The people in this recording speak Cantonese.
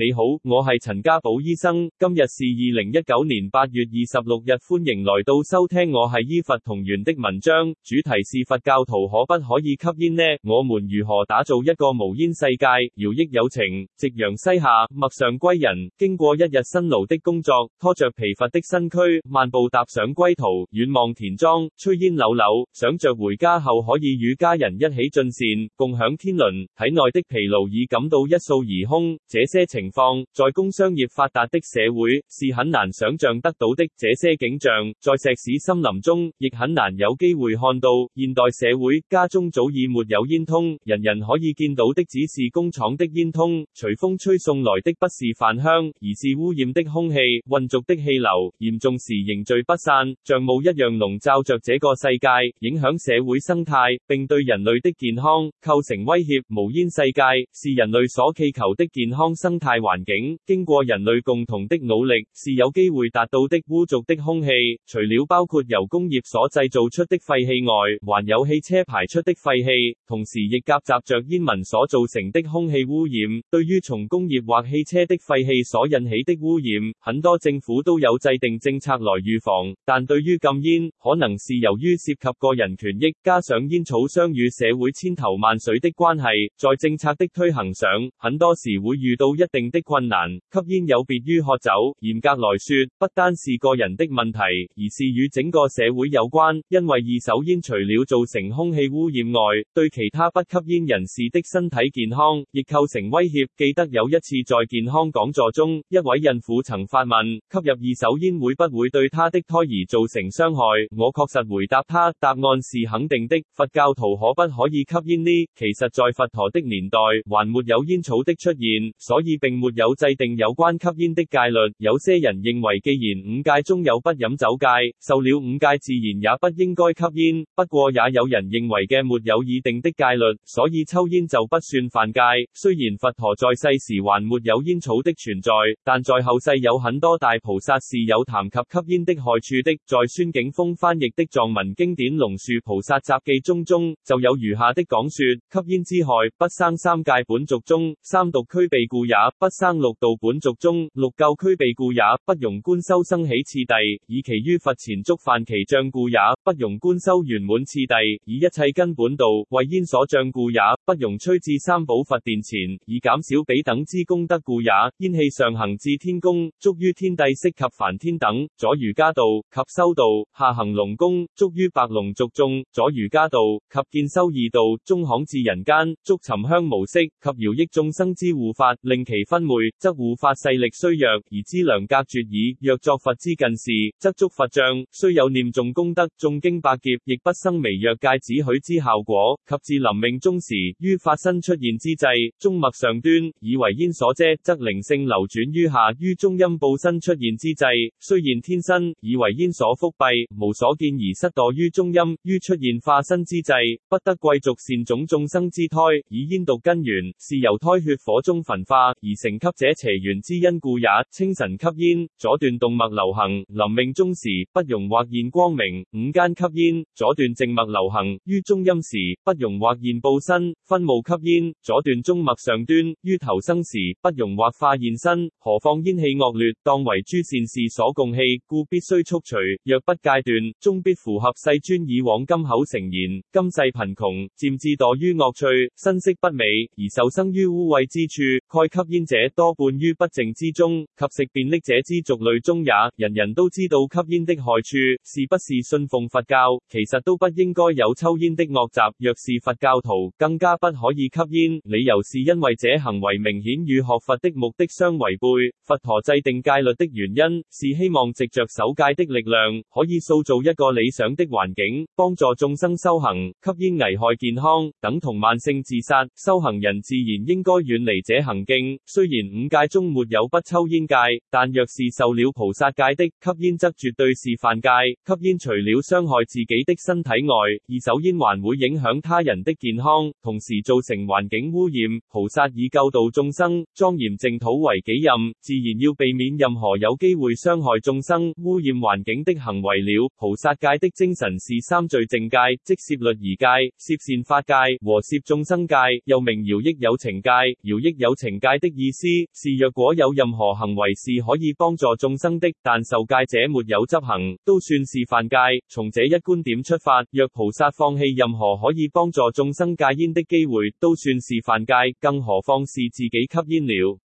你好，我係陳家寶醫生。今日是二零一九年八月二十六日，歡迎來到收聽我係醫佛同源的文章。主題是佛教徒可不可以吸煙呢？我們如何打造一個無煙世界？饒益有情，夕陽西下，陌上歸人經過一日辛勞的工作，拖着疲乏的身軀，漫步踏上歸途。遠望田莊炊煙裊裊，想着回家後可以與家人一起進膳，共享天倫。體內的疲勞已感到一掃而空。這些情在工商業發達的社會是很難想象得到的。這些景象在石屎森林中亦很難有機會看到。現代社會家中早已沒有煙囪，人人可以見到的只是工廠的煙囪，隨風吹送來的不是飯香，而是污染的空氣、混濁的氣流，嚴重時凝聚不散，像霧一樣籠罩着着這個世界，影響社會生態，並對人類的健康構成威脅。無煙世界是人類所祈求的健康生態。環境經過人類共同的努力是有機會達到的。污濁的空氣除了包括由工業所製造出的廢氣外，還有汽車排出的廢氣，同時亦夾雜着煙民所造成的空氣污染。對於從工業或汽車的廢氣所引起的污染，很多政府都有制定政策來預防。但對於禁煙，可能是由於涉及個人權益，加上煙草商與社會千頭萬緒的關係，在政策的推行上，很多時會遇到一定。的困難，吸煙有別於喝酒。嚴格來說，不單是個人的問題，而是與整個社會有關。因為二手煙除了造成空氣污染外，對其他不吸煙人士的身體健康亦構成威脅。記得有一次在健康講座中，一位孕婦曾發問：吸入二手煙會不會對她的胎兒造成傷害？我確實回答她，答案是肯定的。佛教徒可不可以吸煙呢？其實，在佛陀的年代還沒有煙草的出現，所以並並沒有制定有關吸煙的戒律。有些人認為，既然五戒中有不飲酒戒，受了五戒自然也不應該吸煙。不過也有人認為嘅沒有擬定的戒律，所以抽煙就不算犯戒。雖然佛陀在世時還沒有煙草的存在，但在後世有很多大菩薩是有談及吸煙的害處的。在孫景峰翻譯的藏文經典《龍樹菩薩集記》中中中，中就有如下的講說吸煙之害，不生三界本族中，三毒俱備故也。不生六道本族中六教區被故也，不容觀修生起次第，以其於佛前觸犯其障故也；不容觀修圓滿次第，以一切根本道為煙所障故也。不容吹至三寶佛殿前，以減少彼等之功德故也。煙氣上行至天宮，觸於天帝釋及梵天等；左如家道及修道，下行龍宮，觸於白龍族眾；左如家道及見修二道，中行至人間，觸尋香無色及饒益眾生之護法，令其分會，則護法勢力衰弱，而資糧隔絕矣。若作佛之近事，則觸佛像，雖有念誦功德，誦經百劫，亦不生微弱芥子許之效果，及至臨命終時。於法身出現之際，中脈上端以為煙所遮，則靈性流轉於下；於中陰報身出現之際，雖然天身以為煙所覆蔽，無所見而失墮於中陰；於出現化身之際，不得貴族善種眾生之胎，以煙毒根源，是由胎血火中焚化而成，吸者邪緣之因故也。清晨吸煙，阻斷動脈流行；臨命終時，不容或現光明；午間吸煙，阻斷靜脈流行；於中陰時，不容或現報身。分霧吸煙，阻斷中脈上端。於投生時，不容或化現身。何況煙氣惡劣，當為諸善事所共棄，故必須速除。若不戒斷，終必符合世尊以往金口成言。今世貧窮，漸至墮於惡趣，身色不美，而受生於污穢之處。蓋吸煙者，多半於不淨之中，及食便溺者之族類中也。人人都知道吸煙的害處，是不是信奉佛教，其實都不應該有抽煙的惡習。若是佛教徒，更加。不可以吸煙，理由是因為這行為明顯與學佛的目的相違背。佛陀制定戒律的原因是希望藉着守戒的力量，可以塑造一個理想的環境，幫助眾生修行。吸煙危害健康，等同慢性自殺，修行人自然應該遠離這行徑。雖然五戒中沒有不抽煙戒，但若是受了菩薩戒的，吸煙則絕對是犯戒。吸煙除了傷害自己的身體外，二手煙還會影響他人的健康，同時，時造成環境污染，菩薩以救度眾生、莊嚴淨土為己任，自然要避免任何有機會傷害眾生、污染環境的行為了。菩薩戒的精神是三聚淨戒，即攝律儀戒、攝善法戒和攝眾生戒，又名饒益有情戒。饒益有情戒的意思是，若果有任何行為是可以幫助眾生的，但受戒者沒有執行，都算是犯戒。從這一觀點出發，若菩薩放棄任何可以幫助眾生戒煙的，機會都算是犯戒，更何況是自己吸煙了。